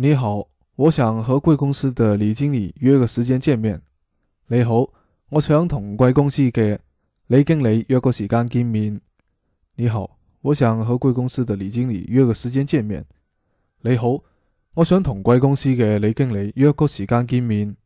你好，我想和貴公司的李經理約個時間見面。你好，我想同貴公司嘅李經理約個時間見面。你好，我想和貴公司的李經理約個時間見面。你好，我想同貴公司嘅李經理約個時間見面。